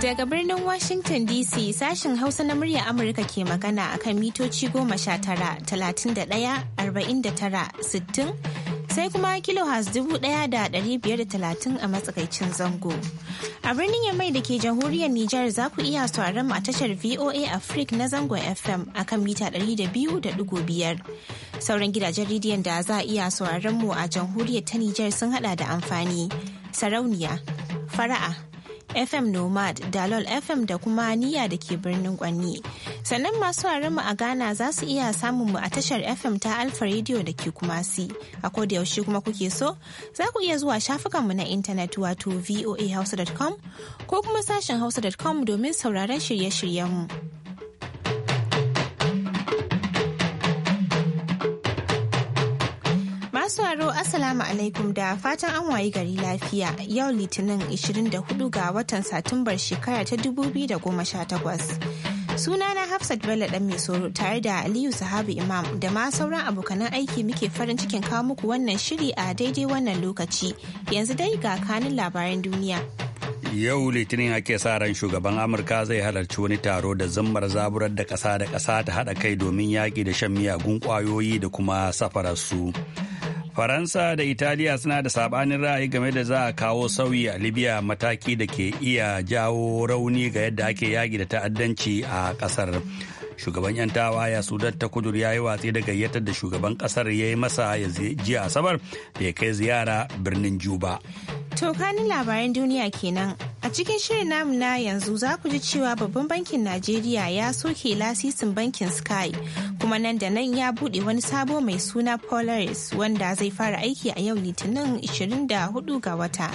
Daga birnin Washington DC sashen Hausa na murya Amurka ke magana akan mitoci goma sha tara, talatin da ɗaya, arba'in da tara, sittin, sai kuma kilohas dubu ɗaya da ɗari biyar da talatin a matsakaicin zango. A birnin Yamai da ke jamhuriyar Nijar za ku iya sauraron a tashar VOA Africa na zangon FM akan mita ɗari da biyu da ɗigo biyar. Sauran gidajen rediyon da za a iya sauraron mu a jamhuriyar ta Nijar sun haɗa da amfani, sarauniya, fara'a, FM Nomad, Dalol FM da kuma Niyya da ke birnin Kwanni. Sannan masu mu a Ghana za su iya samun mu a tashar FM ta Alfa Radio da ke Kumasi. A koda yaushe kuma kuke so, za ku iya zuwa shafukanmu na intanet wato voahausa.com ko kuma sashen hausa.com domin sauraron shirye-shiryenmu. Masu haro Assalamu alaikum da fatan an wayi gari lafiya yau litinin 24 ga watan Satumbar shekara ta 2018. na Hafsat Bello dan mai soro tare da Aliyu Sahabu Imam da ma sauran abokanan aiki muke farin cikin kawo muku wannan shiri a daidai wannan lokaci. Yanzu dai ga kanin labaran duniya. Yau Litinin ake sa ran shugaban Amurka zai halarci wani taro da zammar zaburar da ƙasa da ƙasa ta haɗa kai domin yaƙi da shan miyagun ƙwayoyi da kuma safararsu. su. faransa da italiya suna da sabanin ra'ayi game da za a kawo sauyi a libya mataki da ke iya jawo rauni ga yadda ake yaƙi da ta'addanci a ƙasar shugaban 'yan ya sudar ta kudur ya yi watsi da gayyatar da shugaban kasar ya yi masa ya ji asabar da ya kai ziyara birnin juba to kanin labaran duniya kenan a cikin shirin namu na yanzu za ku ji cewa babban bankin najeriya ya soke lasisin bankin sky kuma nan da nan ya buɗe wani sabo mai suna polaris wanda zai fara aiki a yau litinin 24 ga wata.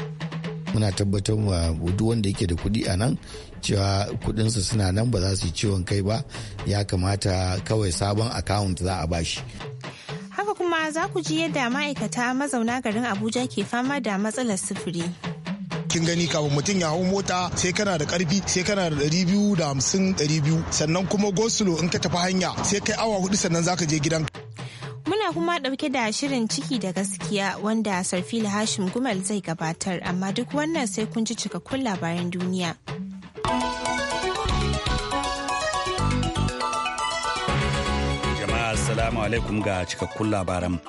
muna tabbatar wa duk wanda yake da kuɗi a nan cewa kuɗinsa suna nan ba za su yi ciwon kai ba ya kamata kawai sabon akawunt za a bashi haka kuma za ku ji yadda ma'aikata mazauna garin abuja ke fama da matsalar sufuri kin gani kafin mutum ya hau mota sai kana da karfi sai kana da ɗari biyu da hamsin ɗari biyu sannan kuma gosulo in ka tafi hanya sai kai awa hudu sannan zaka je gidanka Muna kuma ɗauke da shirin ciki da gaskiya wanda Sarfila Hashim Gumal zai gabatar amma duk wannan sai kun ci cikakkun labaran duniya. Jama'a Assalamu alaikum ga cikakkun labaran.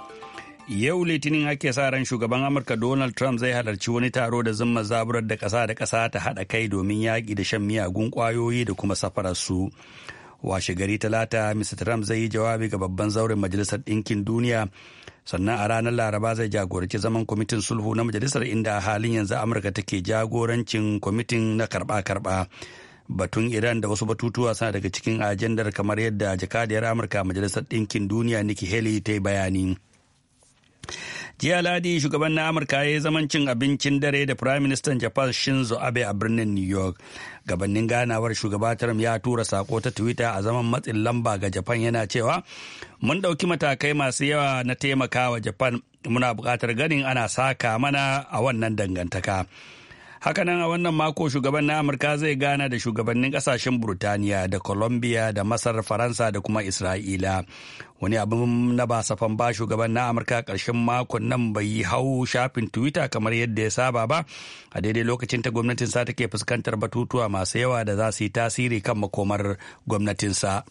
Yau Litinin ake sa ran shugaban Amurka Donald Trump zai halarci wani taro da zumma zaburar da kasa da ƙasa ta haɗa kai domin yaƙi da shan miyagun ƙwayoyi da kuma safararsu. su. washe gari talata mr trump zai yi jawabi ga babban zauren majalisar ɗinkin duniya sannan a ranar laraba zai jagoranci zaman kwamitin sulhu na majalisar inda a halin yanzu amurka take jagorancin kwamitin na karba-karba batun iran da wasu batutuwa suna daga cikin ajandar kamar yadda jakadiyar amurka majalisar ɗinkin duniya nikki haley ta yi bayani jiya ladi shugaban na amurka ya yi zaman cin abincin dare da prime minister japan shinzo abe a birnin new york gabanin ganawar shugaba trump ya tura sako ta twitter a zaman matsin lamba ga japan yana cewa mun dauki matakai masu yawa na taimaka wa japan muna bukatar ganin ana saka mana a wannan dangantaka Hakanan a wannan mako shugaban na Amurka zai gana da shugabannin kasashen Burtaniya da Colombia da Masar Faransa da kuma Isra'ila. Wani abin na ba safan ba shugaban na Amurka karshen makon nan bai yi hau shafin Twitter kamar yadda ya saba ba a daidai lokacin ta gwamnatinsa take fuskantar batutuwa masu yawa da za su yi tasiri kan makomar gwamnatinsa.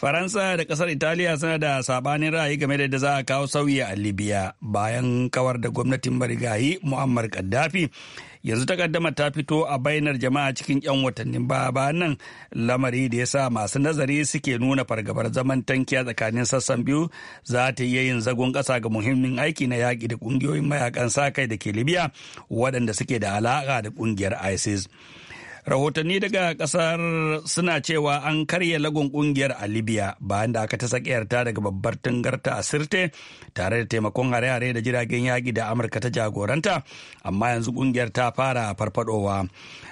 Faransa da kasar Italiya suna da sabanin ra'ayi game da yadda za a kawo sauyi a Libya bayan kawar da gwamnatin marigayi Muammar Gaddafi. Yanzu ta takaddama ta fito a bainar jama'a cikin 'yan watannin ba bayan nan lamari da ya sa masu nazari suke nuna fargabar zaman tankiya tsakanin sassan biyu za ta iya yin zagon ƙasa ga muhimmin aiki na yaƙi da ƙungiyoyin mayakan sa-kai da ke Libya waɗanda suke da alaƙa da ƙungiyar ISIS. Rahotanni daga kasar suna cewa an karya lagun kungiyar a Libya bayan da aka ta sakiyarta daga babbar tangarta a Sirte tare da taimakon hare-hare da jiragen yaƙi da Amurka ta jagoranta, amma yanzu kungiyar ta fara farfadowa.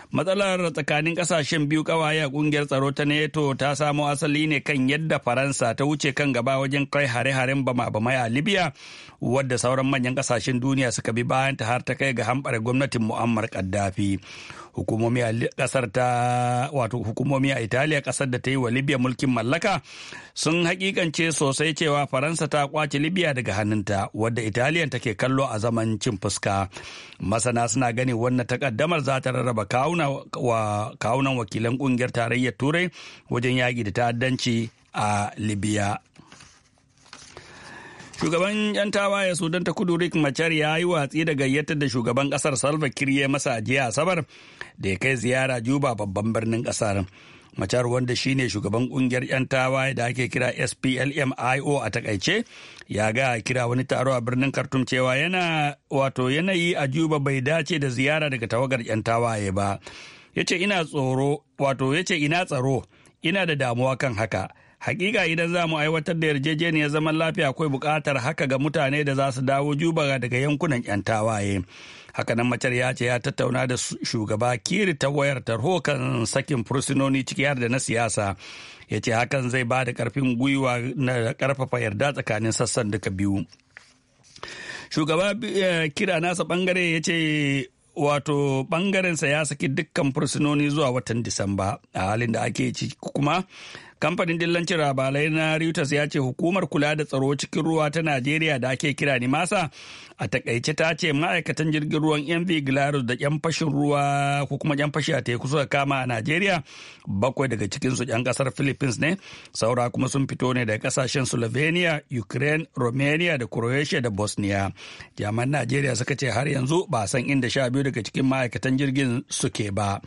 matsalar tsakanin kasashen biyu kawaye a kungiyar tsaro ta neto ta samo asali ne kan yadda faransa ta wuce kan gaba wajen kai hare-haren bama-bamai a libya wadda sauran manyan kasashen duniya suka bi bayan ta har ta kai ga hambare gwamnatin mu'ammar kaddafi hukumomi a kasar ta wato hukumomi a italiya kasar da ta yi wa libya mulkin mallaka sun hakikance sosai cewa faransa ta kwace libya daga hannunta wadda italiya take kallo a zaman cin fuska masana suna gani wannan takaddamar za ta rarraba kawun auna wa kawunan wakilan kungiyar tarayyar turai wajen yaƙi da ta'addanci a libya Shugaban 'yan tawaye Sudan ta kudu Rick Machar ya yi watsi da gayyatar da shugaban kasar Salva kirye masa jiya Asabar da ya kai ziyara Juba babban birnin kasar. Machar wanda shine shugaban kungiyar 'yan tawaye da ake kira SPLM-IO a takaice ya ga kira wani taro a birnin Khartoum cewa yana wato yanayi a Juba bai dace da ziyara daga tawagar 'yan tawaye ba. Yace ina tsoro wato yace ina tsaro ina da damuwa kan haka. hakika idan za mu aiwatar da yarjejeniyar zaman lafiya akwai buƙatar haka ga mutane da za su dawo juba daga yankunan 'yan tawaye hakanan macar ya ce ya tattauna da shugaba kiri ta wayar tarho kan sakin fursunoni ciki har da na siyasa ya ce hakan zai ba da ƙarfin gwiwa na ƙarfafa yarda tsakanin sassan duka biyu shugaba eh, kira nasa bangare ya ce wato bangarensa ya saki dukkan fursunoni zuwa watan Disamba a halin da ake ci kuma Kamfanin dillancin labarai na Reuters ya ce hukumar kula da tsaro cikin ruwa ta Najeriya da ake kira Nimasa a takaice ta ce ma'aikatan jirgin ruwan MV Glarus da 'yan fashin ruwa ko kuma 'yan fashi a teku suka kama a Najeriya bakwai daga cikinsu 'yan kasar Philippines ne saura kuma sun fito ne daga kasashen Slovenia, Ukraine, Romania da Croatia da Bosnia. Jami'an Najeriya suka ce har yanzu ba san inda sha biyu daga cikin ma'aikatan jirgin suke ba.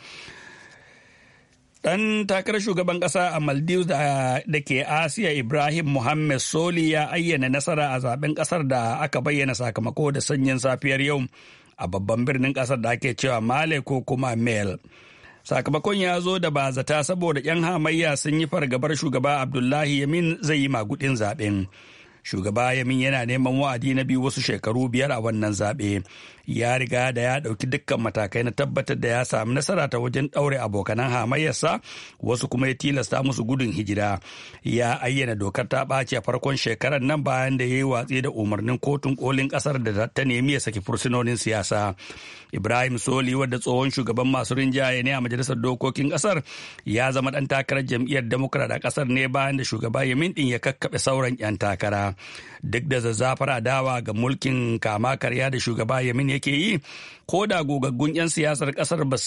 Ɗan takarar shugaban ƙasa a Maldives da ke Asiya Ibrahim Mohammed Soli ya ayyana nasara a zaben ƙasar da aka bayyana sakamako da sanyin safiyar yau a babban birnin ƙasar da ake cewa Male ko kuma Mel. Sakamakon ya zo da ba zata saboda 'yan hamayya sun yi fargabar shugaba Abdullahi Yamin zai yi magudin zaɓen. Shugaba Yamin yana neman wa'adi na biyu wasu shekaru biyar a wannan zaɓe. ya riga da ya ɗauki dukkan matakai na tabbatar da ya sami nasara ta wajen ɗaure abokanan hamayyarsa wasu kuma ya tilasta musu gudun hijira ya ayyana dokar ta ɓaci a farkon shekarar nan bayan da ya yi watsi da umarnin kotun kolin ƙasar da ta nemi ya saki fursunonin siyasa ibrahim soli wadda tsohon shugaban masu rinjaye ne a majalisar dokokin ƙasar ya zama ɗan takarar jam'iyyar democrat a ƙasar ne bayan da shugaba yamin din ya kakkaɓe sauran 'yan takara duk da zazzafar adawa ga mulkin kama karya da shugaba yamin yake yi ko da gogaggun 'yan siyasar kasar ba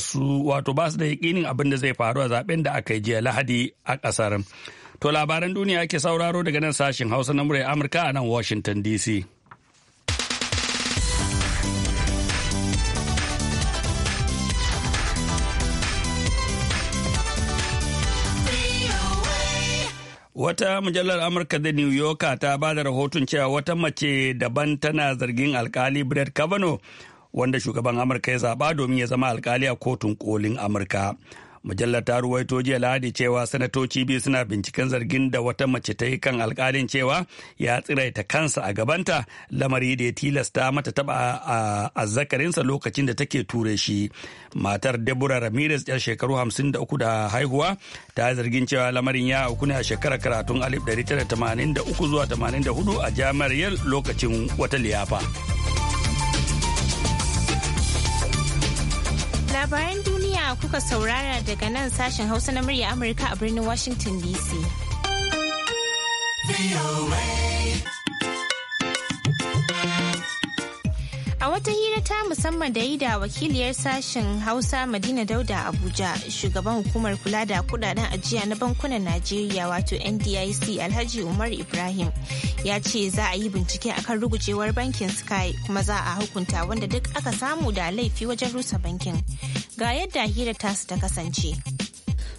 su wato ba su da yakinin abin da zai faru a zaben da aka yi jiya lahadi a kasar to labaran duniya ake sauraro daga nan sashen hausa na murai amurka a nan washington dc Wata mujallar Amurka da New Yorker ta ba da rahoton cewa wata mace daban tana zargin alkali Brett Kavanaugh wanda shugaban Amurka ya zaba domin ya zama alkali a kotun kolin Amurka. Mujallar ta ruwaito jiya Lahadi cewa sanatoci biyu suna binciken zargin da wata mace ta yi kan alkalin cewa ya tsiraita kansa a gabanta lamari da ya tilasta mata taba azzakarinsa lokacin da take ture shi. Matar Deborah Ramirez yar shekaru 53 da haihuwa ta zargin cewa lamarin ya auku ne a shekarar karatun 1983 zuwa 84 a jami'ar yal lokacin wata liyafa. kuka saurara daga nan sashen Hausa na murya Amurka a birnin Washington DC. A wata hira ta musamman da yi da wakiliyar sashen Hausa Madina Dauda Abuja, shugaban hukumar kula da kudaden ajiya na bankunan Najeriya wato NDIC Alhaji Umar Ibrahim ya ce za a yi bincike akan rugujewar bankin Sky kuma za a hukunta wanda duk aka samu da laifi wajen rusa bankin. ga yadda hira tasu ta kasance.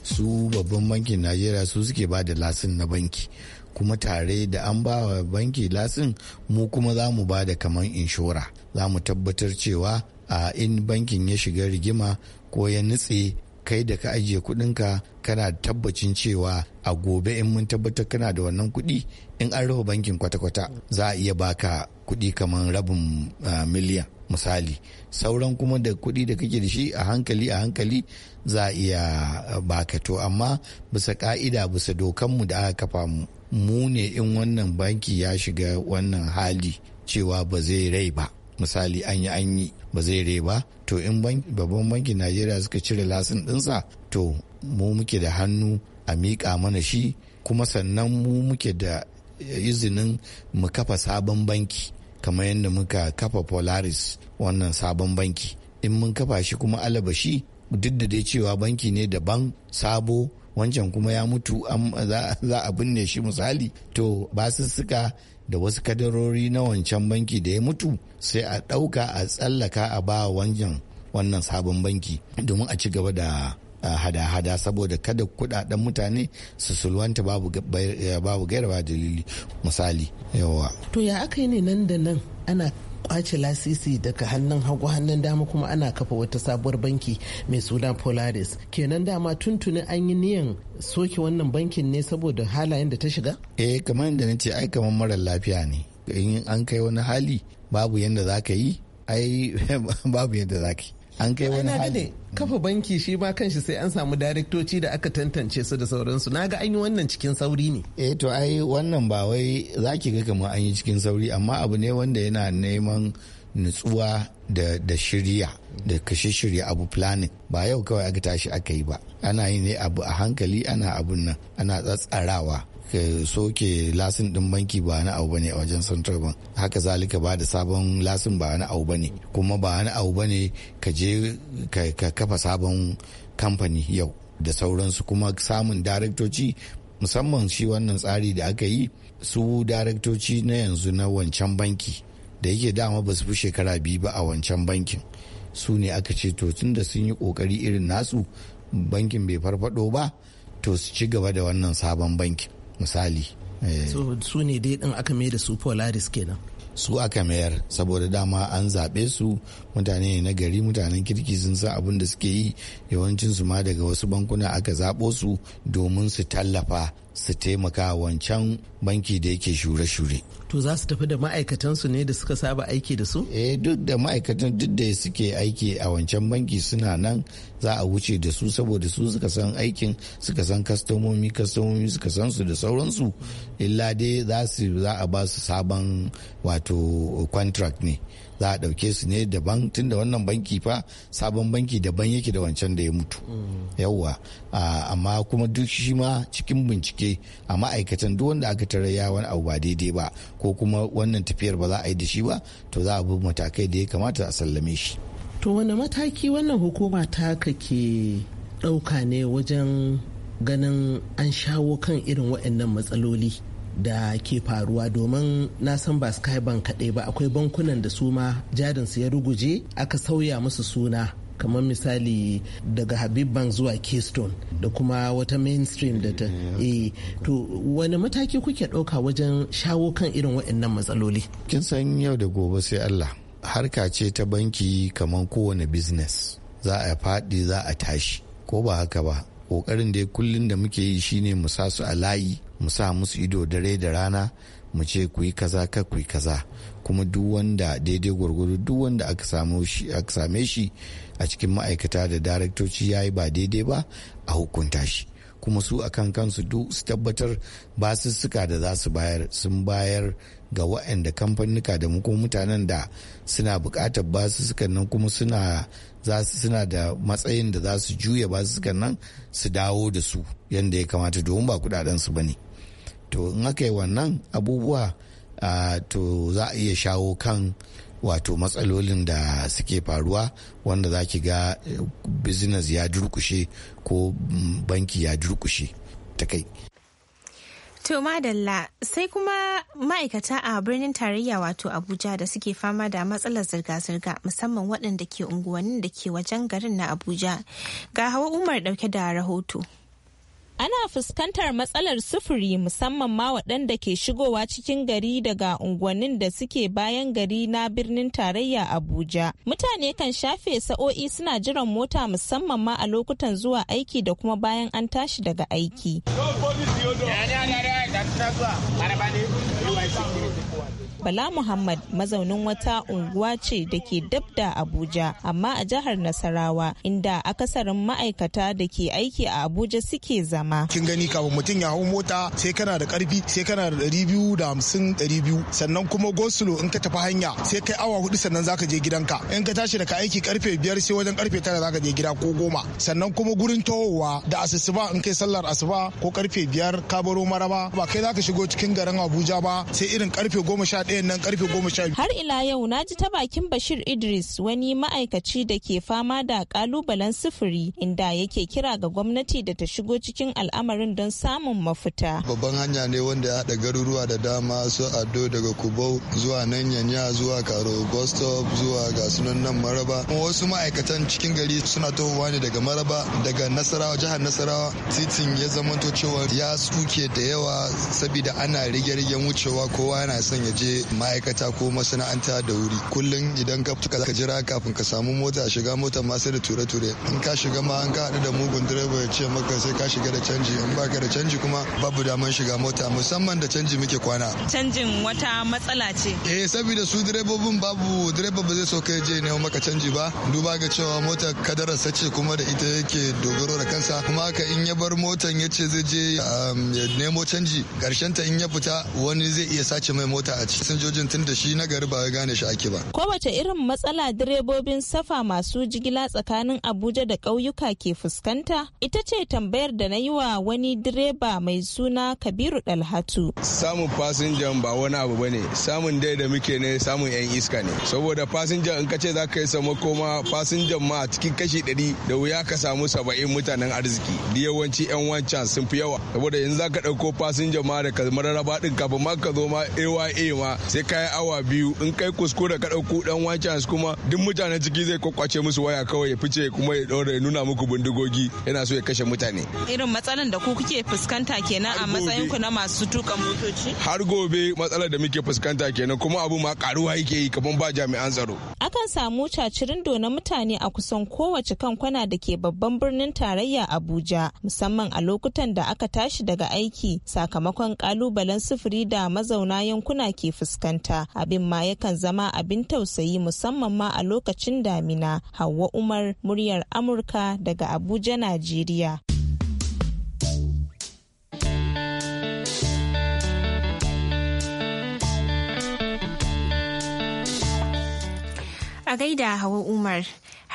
Su babban bankin Najeriya su suke ba da lasin na banki. kuma tare da an ba wa banki lasin mu kuma za mu ba da kamar inshora za mu tabbatar cewa a in bankin ya shiga rigima ko ya nutse kai da ka ajiye kudinka kana tabbacin cewa a gobe in mun tabbatar kana da wannan kuɗi in an rufe bankin kwata-kwata za a iya baka kuɗi kamar rabin miliyan misali sauran kuma da kuɗi da kake da shi a hankali a hankali za a iya baka to amma bisa ka'ida bisa dokanmu da aka kafa mu mu ne in wannan banki ya shiga wannan hali cewa ba zai rai ba misali an yi an yi ba zai rai ba to in babban bankin najeriya suka cire lasin dinsa to mu muke da hannu a miƙa mana shi kuma sannan mu muke da izinin mu kafa sabon banki kamar yadda muka kafa polaris wannan sabon banki in mun kafa shi kuma alabashi duk da dai cewa banki ne daban sabo wancan kuma ya mutu za a binne shi misali to basussuka da wasu kadarori na wancan banki da ya mutu sai a ɗauka a tsallaka a ba wancan wannan sabon banki domin a ci gaba da hada-hada saboda kada kudaden mutane su sulwanta babu eh, gaira ba dalili misali yawa to ya aka yi ne nan da nan ana kwace lasisi daga hannun hagu hannun dama kuma ana kafa wata sabuwar banki mai suna polaris kenan dama tuntuni an yi niyan soke wannan bankin ne saboda halayen da ta shiga eh kamar yadda na ai kamar mara lafiya ne in an kai wani hali babu yadda za ka yi ai babu yadda za ka yi an kai wani hali kafa mm. banki shi ma kanshi sai an samu daraktoci da aka tantance su da sauransu na ga an yi wannan cikin sauri ne eh to ai wannan ba wai za ki ga kamar an yi cikin sauri amma abu ne wanda yana neman nutsuwa da, da shirya da kashe shirya abu planning ba yau kawai aka tashi aka yi ba ana yi ne abu a hankali ana abun nan ana tsatsarawa ka soke lasin din banki ba na abu bane a wajen central bank haka zalika ba da sabon lasin ba na abu bane kuma ba na abu bane ka je ka kafa sabon kamfani yau da sauransu kuma samun daraktoci musamman shi wannan tsari da aka yi su daraktoci na yanzu na wancan banki da yake dama ba su fi shekara biyu ba a wancan bankin su ne aka ce to tun da sun yi kokari irin nasu bankin bai farfado ba to su ci gaba da wannan sabon bankin misali eh, su ne dai din aka mai da su polaris kenan su aka mayar saboda dama an zaɓe su mutane na gari mutanen kirki sun sa abin da suke yi yawancin su ma daga wasu bankuna aka zaɓo su domin su tallafa su taimaka wancan banki da yake shure-shure. To za su tafi da ma'aikatansu ne da suka saba aiki da su? Eh duk da ma'aikatan duk da suke aiki a wancan banki suna nan za a wuce da su saboda su suka san aikin suka san kastomomi kastomomi suka san su da sauransu illa dai za su za a ba su sabon wato contract ne za a ɗauke su ne daban tunda wannan banki fa sabon banki daban yake da wancan da ya mutu mm. yawwa ah, amma kuma duk shi ma cikin bincike a ma'aikatan duk wanda aka fitar ya wani abu ba daidai ba ko kuma wannan tafiyar ba za a yi da shi ba to za a bi matakai da ya kamata a sallame shi to wani mataki wannan hukuma ta ke ɗauka ne wajen ganin an shawo kan irin waɗannan matsaloli da ke faruwa domin na san ba sky bank kaɗai ba akwai bankunan da su ma jarinsu ya ruguje aka sauya musu suna kamar misali daga habib bank zuwa keystone da kuma wata mainstream da ta eh, to wani mataki kuke ɗauka wajen shawo kan irin waɗannan matsaloli kin san yau da gobe sai allah harka ce ta banki kamar kowane business za a faɗi za a tashi ko ba haka ba kokarin da kullum da muke yi shine mu sa su a layi mu sa musu ido dare da rana mu ce ku yi kaza ka ku yi kaza kuma duk wanda daidai gwargwado duk wanda aka same shi a cikin ma'aikata da daraktoci ya yi ba daidai ba a hukunta shi kuma su a kan kansu duk su tabbatar basussuka da za su bayar sun bayar ga wa'anda kamfanika da mu kuma mutanen da suna su basussukan nan kuma suna za su suna da matsayin da za su juya basussukan nan su dawo da su yadda ya kamata domin ba kudaden su bane to in aka yi wannan abubuwa to za a iya shawo kan wato matsalolin da suke faruwa wanda za ki ga eh, business ya durkushe ko mm, banki ya durkushe ta kai To madalla sai kuma ma'aikata a birnin tarayya wato Abuja da suke fama da matsalar zirga-zirga musamman waɗanda ke unguwannin da ke wajen garin na Abuja. Ga hawa Umar ɗauke da rahoto. ana fuskantar matsalar sufuri musamman ma waɗanda ke shigowa cikin gari daga unguwannin da suke bayan gari na birnin tarayya abuja mutane kan shafe sa'o'i suna jiran mota musamman ma a lokutan zuwa aiki da kuma bayan an tashi daga aiki Bala Muhammad mazaunin wata unguwa ce da ke dabda Abuja amma a jihar Nasarawa inda akasarin ma'aikata da ke aiki a Abuja suke zama. Kin gani kafin mutum ya hau mota sai kana da karfi sai kana da ɗari biyu da hamsin ɗari biyu sannan kuma gosulo in ka tafi hanya sai kai awa hudu sannan zaka je gidanka in ka tashi daga aiki karfe biyar sai wajen karfe tara zaka je gida ko goma sannan kuma gurin tohowa da asusuba in kai sallar asuba ko karfe biyar ka baro maraba ba kai zaka shigo cikin garin Abuja ba sai irin karfe goma sha ɗaya nan karfe goma sha Har ila yau na ji ta bakin Bashir Idris wani ma'aikaci da ke fama da kalubalen sufuri inda yake kira ga gwamnati da ta shigo cikin al'amarin don samun mafita. Babban hanya ne wanda ya haɗa garuruwa da dama su Ado daga Kubau zuwa nan Yanya zuwa Karo Bostop zuwa ga sunan nan Maraba. Wasu ma'aikatan cikin gari suna tohuwa ne daga Maraba daga Nasarawa jihar Nasarawa titin ya zamanto cewa ya tsuke da yawa saboda ana rige-rigen wucewa kowa yana son ya je ma'aikata ko masana'anta da wuri kullum idan ka fita ka jira kafin ka samu mota shiga mota ma sai da ture-ture in ka shiga ma an ka haɗu da mugun direba ya ce maka sai ka shiga da canji in baka da canji kuma babu daman shiga mota musamman da canji muke kwana canjin wata matsala ce eh saboda su direbobin babu direba ba zai so kai je ne maka canji ba duba ga cewa mota darasa ce kuma da ita yake dogaro da kansa kuma ka in ya bar motan ya ce zai je um, ya nemo canji karshen ta in ya fita wani zai iya sace mai mota a ciki fasinjojin tun da shi na gari ba ya gane shi ake ba. Kowace irin matsala direbobin safa masu jigila tsakanin Abuja da ƙauyuka ke fuskanta ita ce tambayar da na yi wa wani direba mai suna Kabiru Dalhatu. Samun fasinjan ba wani abu bane samun dai da muke ne samun 'yan iska ne saboda fasinjan in ka ce za ka yi sama koma fasinjan ma cikin kashi ɗari da wuya ka samu saba'in mutanen arziki da yawanci 'yan wancan sun fi yawa saboda yanzu za ka ɗauko fasinjan ma da ka ɗin kafin ma ka zo ma AYA ma sai ka yi awa biyu in kai kuskure ka ɗauko dan wancan kuma duk mutanen ciki zai kwakwace musu waya kawai ya fice kuma ya ɗora ya nuna muku bindigogi yana so ya kashe mutane. Irin matsalan da ku kuke fuskanta kenan a matsayin ku na masu tuka motoci? Har gobe matsalar da muke fuskanta kenan kuma abu ma karuwa yake yi kaman ba jami'an tsaro. Akan samu cacirin na mutane a kusan kowace kankwana da ke babban birnin tarayya Abuja musamman a lokutan da aka tashi daga aiki sakamakon kalubalen sufuri da mazauna yankuna ke fuskanta. fuskanta abin ma yakan zama abin tausayi musamman ma a lokacin damina hawa umar muryar amurka daga abuja najeriya a gaida hawa umar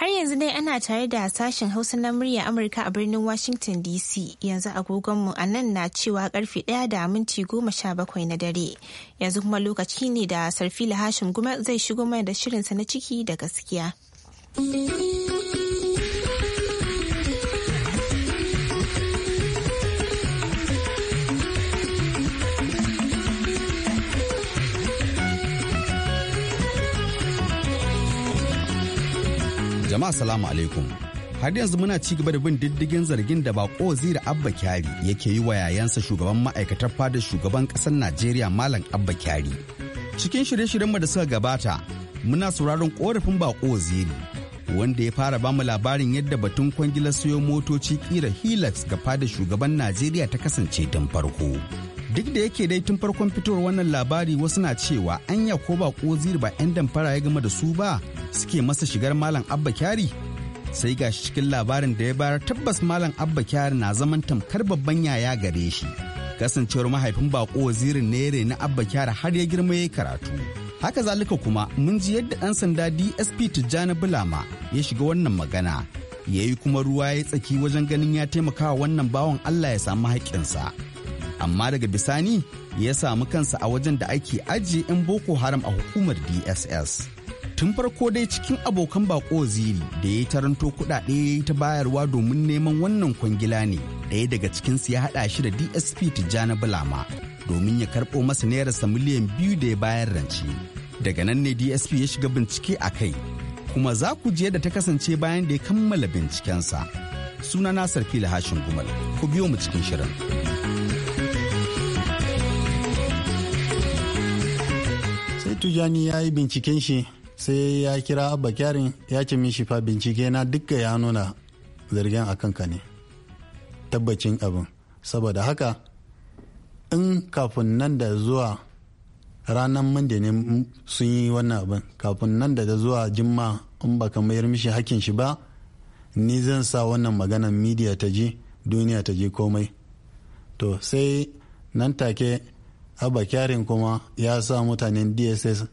Har yanzu dai ana tare da sashen Hausa na murya Amurka a birnin Washington DC yanzu agogonmu a nan na cewa karfe ɗaya da minti goma sha bakwai na dare. Yanzu kuma lokaci ne da Sarfila Hashim kuma zai shigo mai da shirinsa na ciki da gaskiya. Jama'a salamu alaikum. Har yanzu muna ci gaba da bin diddigin zargin da bako zira Abba Kyari yake yi wa yayansa shugaban ma'aikatar fada shugaban ƙasar Najeriya Malam Abba Kyari. Cikin shirye-shiryenmu da suka gabata, muna sauraron korafin bako ziri wanda ya fara bamu labarin yadda batun kwangilar siyo motoci kira Hilux ga fada shugaban Najeriya ta kasance tun farko. duk da yake dai tun farkon fitowar wannan labari wasu na cewa anya ko ba kozir ba 'yan damfara ya gama da su ba suke masa shigar malam abba kyari sai gashi cikin labarin da ya bayar tabbas malam abba kyari na zaman tamkar babban yaya gare shi kasancewar mahaifin bako wazirin ne na abba kyari har ya girma ya karatu haka zalika kuma mun ji yadda ɗan sanda dsp tijjani bulama ya shiga wannan magana ya yi kuma ruwa ya tsaki wajen ganin ya taimaka wannan bawan allah ya samu haƙƙinsa. amma daga bisani ya samu kansa a wajen da ake ajiye 'yan boko haram a hukumar dss tun farko dai cikin abokan bako ziri da ya yi taranto kudade ya yi ta bayarwa domin neman wannan kwangila ne Daya daga cikinsu ya haɗa shi da dsp tijjani bulama domin ya karɓo masa nairarsa miliyan biyu da ya bayar rance daga nan ne dsp ya shiga bincike a kai kuma za ku je da ta kasance bayan da ya kammala bincikensa suna nasar fili hashin gumal ku biyo mu cikin shirin. tijani ya yi binciken shi sai ya kira abba kyarin ya ce mishi fa bincike na dukka ya nuna zargin a kanka ne tabbacin abin saboda haka in kafin nan da zuwa ranar mande ne sun yi wannan abin kafin nan da zuwa jimma in baka mayar mishi hakin shi ba ni zan sa wannan maganan midiya ta ji duniya ta ji komai to sai nan take abba kyarin kuma ya sa mutanen dss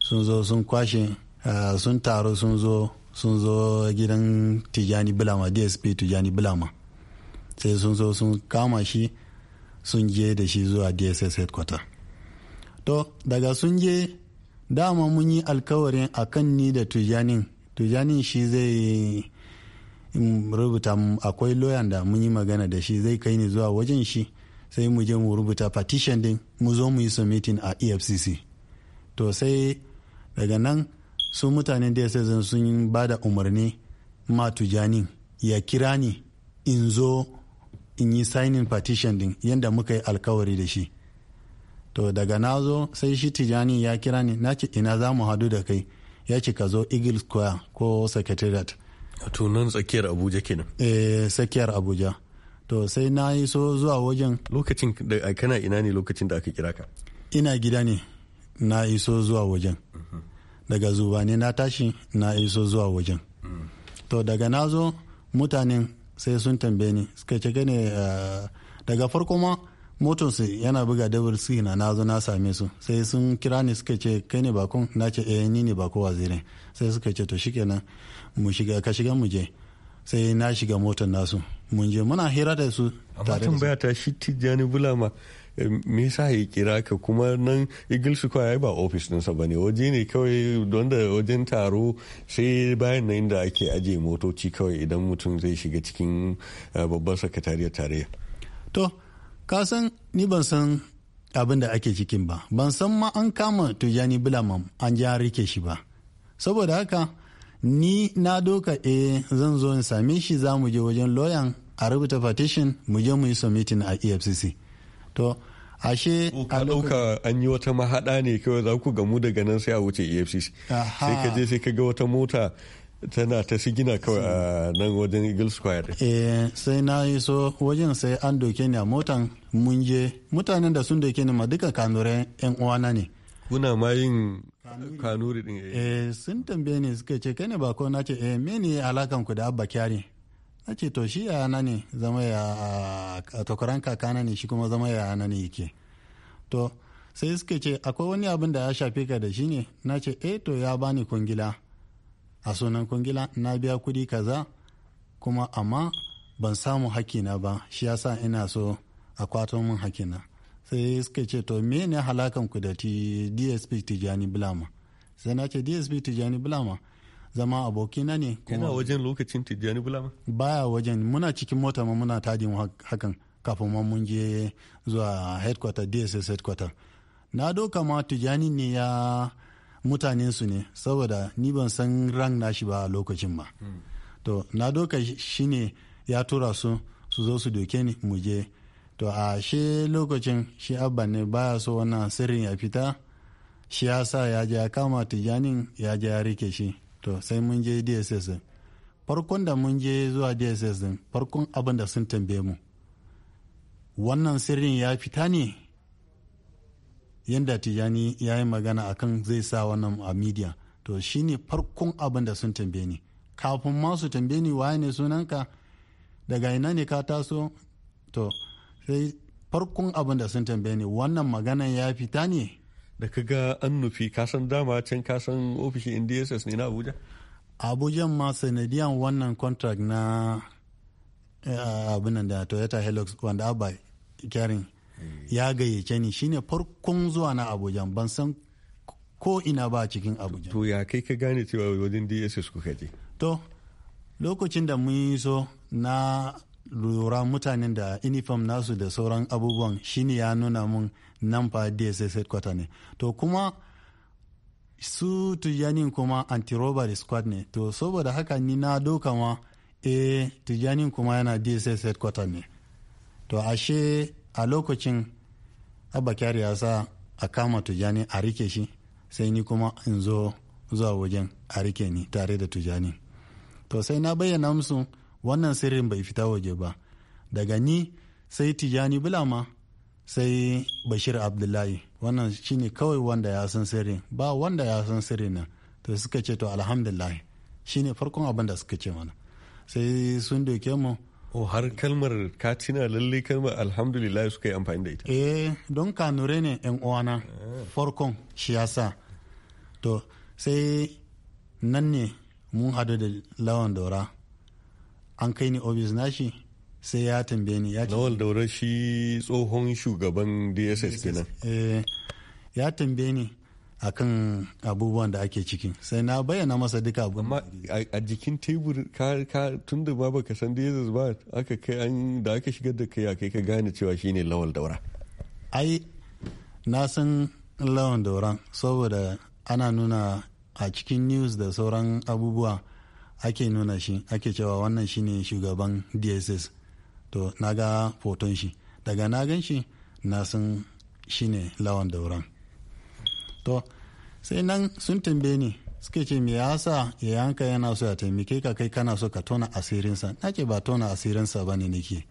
sun zo sun kwashe eh, sun taro sun zo sun zo gidan tijani bulama dsp tijani bulama sai sun zo sun kama shi sun je da shi zuwa dss headquarter to daga sun je dama mun yi alkawarin a kan ni da tujanin tujanin shi zai mm, rubuta akwai loyan da mun yi magana da shi zai kai ni zuwa wajen shi sai mu je mu rubuta partition din mu zo mu yi submitting a efcc to sai daga nan su mutanen dss sun ba da umarni ma tujani ya kira ni in zo in yi signing partition din yadda muka yi alkawari da shi to daga na zo sai shi tijani ya kira ni na ce ina za mu hadu da kai ya ce ka zo eagle square ko secretariat a tunan tsakiyar abuja kenan eh tsakiyar abuja to sai na yi so zuwa wajen lokacin da kana ina ne lokacin da aka kira ka ina gida ne na iso zuwa wajen daga zuba ne na tashi na iso zuwa wajen to daga na zo mutanen sai sun tambaye ni suka ce ne eh, daga farko ma motonsu yana buga dabar su na nazo na same su sai sun kira ni suka ce kai ne bakon na ce eh ni ne bako wazirin sai suka ce to shikenan mu shiga ka shiga mu je sai na shiga motar nasu mun je muna hira da su amma tambaya ta shi tijjani bulama eh, me yasa ya kira ka kuma nan eagle square ya ba ofis ɗinsa ba ne waje ne kawai don da wajen taro sai bayan nan inda ake ajiye motoci kawai idan mutum zai shiga cikin eh, babban sakatariyar tarayya to ka san ni ban san abin da ake cikin ba ban san ma an kama tujani bulaman an ja rike shi ba saboda haka ni na doka e zan zo in same shi za mu je wajen loyan a rubuta partition mu je mu yi submitting a efcc to ashe ka ɗauka an yi wata mahaɗa ne kawai za ku gamu daga nan sai a wuce efcc sai ka je sai ka ga wata mota tana ta sigina kawai a nan wajen eagle square e sai na yi so wajen sai an doke ni a motan mun je mutanen da sun doke ni ma duka kanure yan uwana ne kuna ma yin kanuri din eh. eh sun tambaye ni suka ce kai ne ba ko na ce eh mene alakan ku da abba kyari na ce to shi na ne zama ya tokoran kakana ne shi kuma zama ya ne yake to sai suka ce akwai wani abin da ya shafe ka da shi ne na ce eh to ya bani kungila a sunan kungila na biya kudi kaza kuma amma ban samu hakina ba shi yasa ina so a kwato min hakina sai suka ce to me ne halakan ku da ti dsp tijani bulama sai na ce dsp tijani bulama zama abokina ne kuma wajen lokacin tijani bulama baya wajen muna cikin mota ma muna tajin hakan kafin ma mun je zuwa headquarter dss headquarter na doka ma tijani ne ya mutanen su ne saboda ni ban san ran nashi ba a lokacin ba hmm. to na doka shi ne ya tura su su zo su doke ni mu je to a shi lokacin shi abba ne baya so wannan sirrin ya fita shi ya sa ya je ya kama tijanin ya je ya rike shi to sai mun je dss farkon da mun je zuwa dss farkon abin da sun tambaye mu wannan sirrin ya fita ne yadda tijani ya yi magana a kan zai sa wannan a media to shi ne farkon abin da sun tambaye ni kafin masu su tambaye ni waye ne sunanka daga ina ne ka taso to sai farkon abin da sun tambaye ni wannan maganan ya fita ne da ka ga an nufi kasan dama can kasan ofishin ndss ne na abuja abuja ma sanadiyan wannan contract na eh, abin da toyota helix wanda abba kyarin ya gayyace ni shine farkon zuwa na abuja ban san ko ina ba cikin abuja to ya kai ka gane cewa wajen dss kuka je to lokacin da mun yi so na lura mutanen da uniform nasu da sauran abubuwan shine ya nuna mun nan fa dss headquarter ne to kuma su tujanin kuma anti-robbery squad ne to saboda haka ni na doka ma e eh, tujanin kuma yana dss headquarter ne to ashe a lokacin abakar ya sa a kama tujani a rike shi sai ni kuma in zo zuwa wajen a rike ni tare da tujani to sai na bayyana musu wannan sirrin bai fita waje ba daga ni sai tijani bulama sai bashir abdullahi wannan shine kawai wanda ya san sirrin ba wanda ya san sirrin nan to suka ce to alhamdulillah shine farkon abin da suka ce mana sai sun doke mu o oh, har kalmar katina lalle kalmar alhamdulillah suka yi amfani da ita eh don nure ne yan uwana ah. farkon shi yasa to sai nan ne mun hadu da lawan daura an kai ni ofis nashi sai ya tambaye ni ya lawal daura shi tsohon shugaban dss kenan eh, ya tambaye ni akan abubuwan da ake ciki sai na bayyana masa duka abu amma a jikin tebur ka tun da ba baka san dss ba aka kai an da aka shigar da kai a kai ka gane cewa shine lawal daura ai na san lawan dauran saboda ana nuna a cikin news da sauran abubuwa ake nuna shi ake cewa wannan shine shugaban dss to na ga foton shi daga na gan shi na san shine lawan dauran to sai nan sun tambaye ni suke ce me yasa ya yanka yana so ya taimake ka kai kana so ka tona asirinsa na ce ba tona asirinsa ba ne nake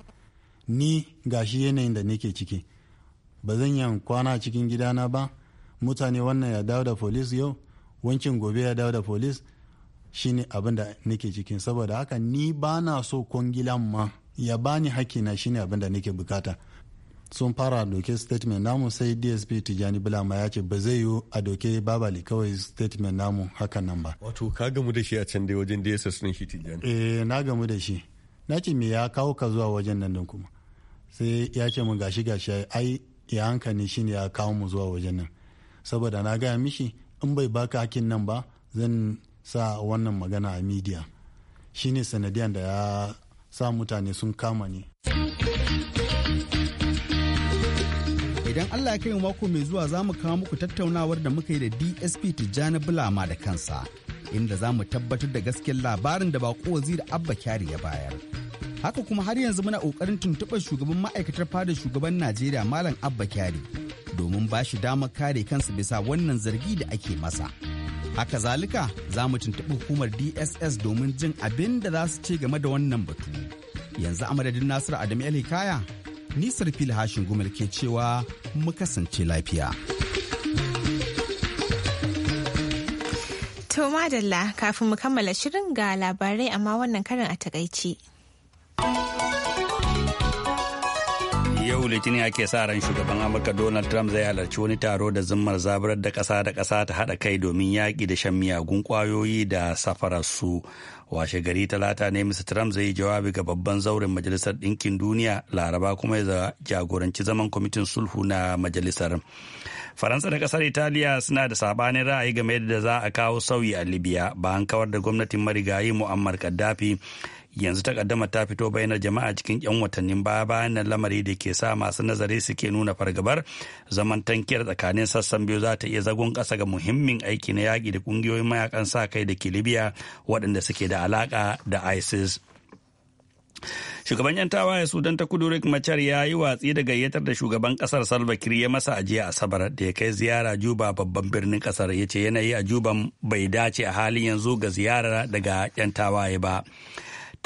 ni gashi yanayin da nake ciki ba zan yi kwana cikin gidana ba mutane wannan ya dawo da folis yau wankin gobe ya dawo da folis shine abin da nake cikin saboda haka ni ba na so kwangilan ma ya bani hakina shine abin da nake bukata sun fara doke statement namu sai dsp tijani bulama ya ce ba zai yi a doke babali kawai statement namu hakan nan ba wato ka gamu da shi a can dai wajen dss din shi tijani eh na gamu da shi na ce me ya kawo ka zuwa wajen nan din kuma sai ya ce mun gashi gashi ai ya hankali shine ya kawo mu zuwa wajen nan saboda na gaya mishi in bai baka hakin nan ba zan sa wannan magana a media shine sanadiyan da ya sa mutane sun kama ni. idan Allah ya kai mako mai zuwa za mu kawo muku tattaunawar da muka yi da DSP Tijjani Bulama da kansa inda za mu tabbatar da gaskiyar labarin da bako wazir Abba Kyari ya bayar. Haka kuma har yanzu muna kokarin tuntuɓar shugaban ma'aikatar fada shugaban Najeriya Malam Abba Kyari domin ba shi damar kare kansa bisa wannan zargi da ake masa. Haka zalika za mu tuntuɓi hukumar DSS domin jin abin da za su ce game da wannan batu. Yanzu a madadin Nasiru Adamu kaya nisar fili hashin gumar ke cewa mu kasance lafiya. To madalla kafin mu kammala shirin ga labarai amma wannan karin a takaici. yau litinin ake sa ran shugaban amurka donald trump zai halarci wani taro da zimmar zaburar da kasa da kasa ta haɗa kai domin yaƙi da shan miyagun kwayoyi da safararsu washe gari talata ne mr trump zai yi jawabi ga babban zauren majalisar ɗinkin duniya laraba kuma ya jagoranci zaman kwamitin sulhu na majalisar faransa da ƙasar italiya suna da sabanin ra'ayi game da za a kawo sauyi a libya bayan kawar da gwamnatin marigayi muammar gaddafi yanzu takaddama ta fito bayanar jama'a cikin 'yan watannin baya bayan nan lamari da ke sa masu nazari suke nuna fargabar zaman tankiyar tsakanin sassan biyu za ta iya zagon kasa ga muhimmin aiki na yaƙi da ƙungiyoyin mayakan sa kai da ke libya waɗanda suke da alaƙa da isis Shugaban 'yan tawaye Sudan ta kudu Rick Machar ya yi watsi da gayyatar da shugaban kasar Salva Kiir ya masa ajiya Asabar da ya kai ziyara Juba babban birnin kasar ya ce yanayi a Juba bai dace a halin yanzu ga ziyara daga 'yan tawaye ba.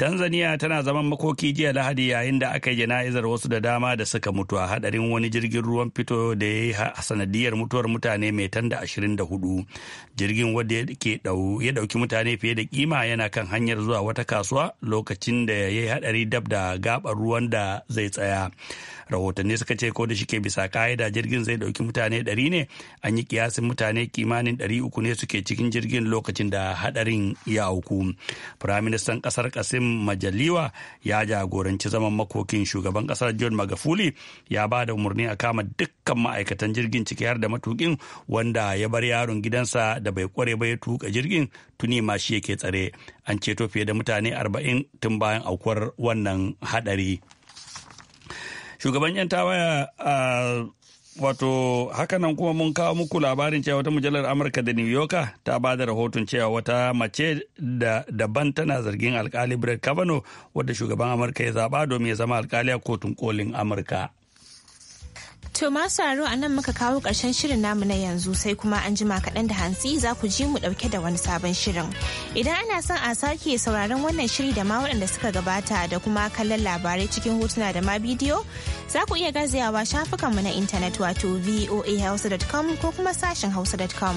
Tanzania tana zaman makoki jiya Lahadi yayin da aka yi jana'izar wasu da dama da suka mutu a hadarin wani jirgin ruwan fito da ya yi a sanadiyar mutuwar mutane mai tan da ashirin da hudu Jirgin wadda ya dauki mutane fiye da kima yana kan hanyar zuwa wata kasuwa lokacin da ya yi hadari dab da gabar ruwan da zai tsaya. Rahotanni suka ce ko da shike bisa ka'ida jirgin zai dauki mutane ɗari ne an yi kiyasin mutane kimanin ɗari uku ne suke cikin jirgin lokacin da hadarin ya auku. Firaministan kasar Kasim Majaliwa ya jagoranci zaman makokin shugaban kasar John Magafuli ya ba da umarni a kama dukkan ma'aikatan jirgin ciki har da matukin wanda ya bar yaron gidansa da bai kware ba ya tuka jirgin tuni ma shi yake tsare an ceto fiye da mutane 40 tun bayan aukuwar wannan hadari. Shugaban 'yan tawaya ah, Wato hakanan kuma mun kawo muku labarin cewa wata mujallar Amurka da New Yorker ta ba da rahoton cewa wata mace da daban tana zargin alkali Brett Kavanaugh wadda shugaban Amurka ya zaba domin ya zama alkali a kotun kolin Amurka. To masu a nan muka kawo ƙarshen shirin namu na yanzu sai kuma an jima kaɗan da hantsi za ku ji mu ɗauke da wani sabon shirin. Idan ana son a sake sauraron wannan shiri da ma waɗanda suka gabata da kuma kallon labarai cikin hotuna da ma bidiyo za ku iya gazayawa shafukanmu na intanet wato voahausa.com ko kuma sashen hausa.com.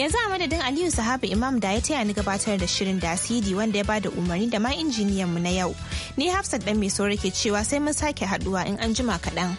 Yanzu a madadin Aliyu Sahabu Imam da ya taya ni gabatar da shirin da CD wanda ya bada umarni da ma injiniyan mu na yau. Ni Hafsat ɗan mai ke cewa sai mun sake haɗuwa in an jima kaɗan.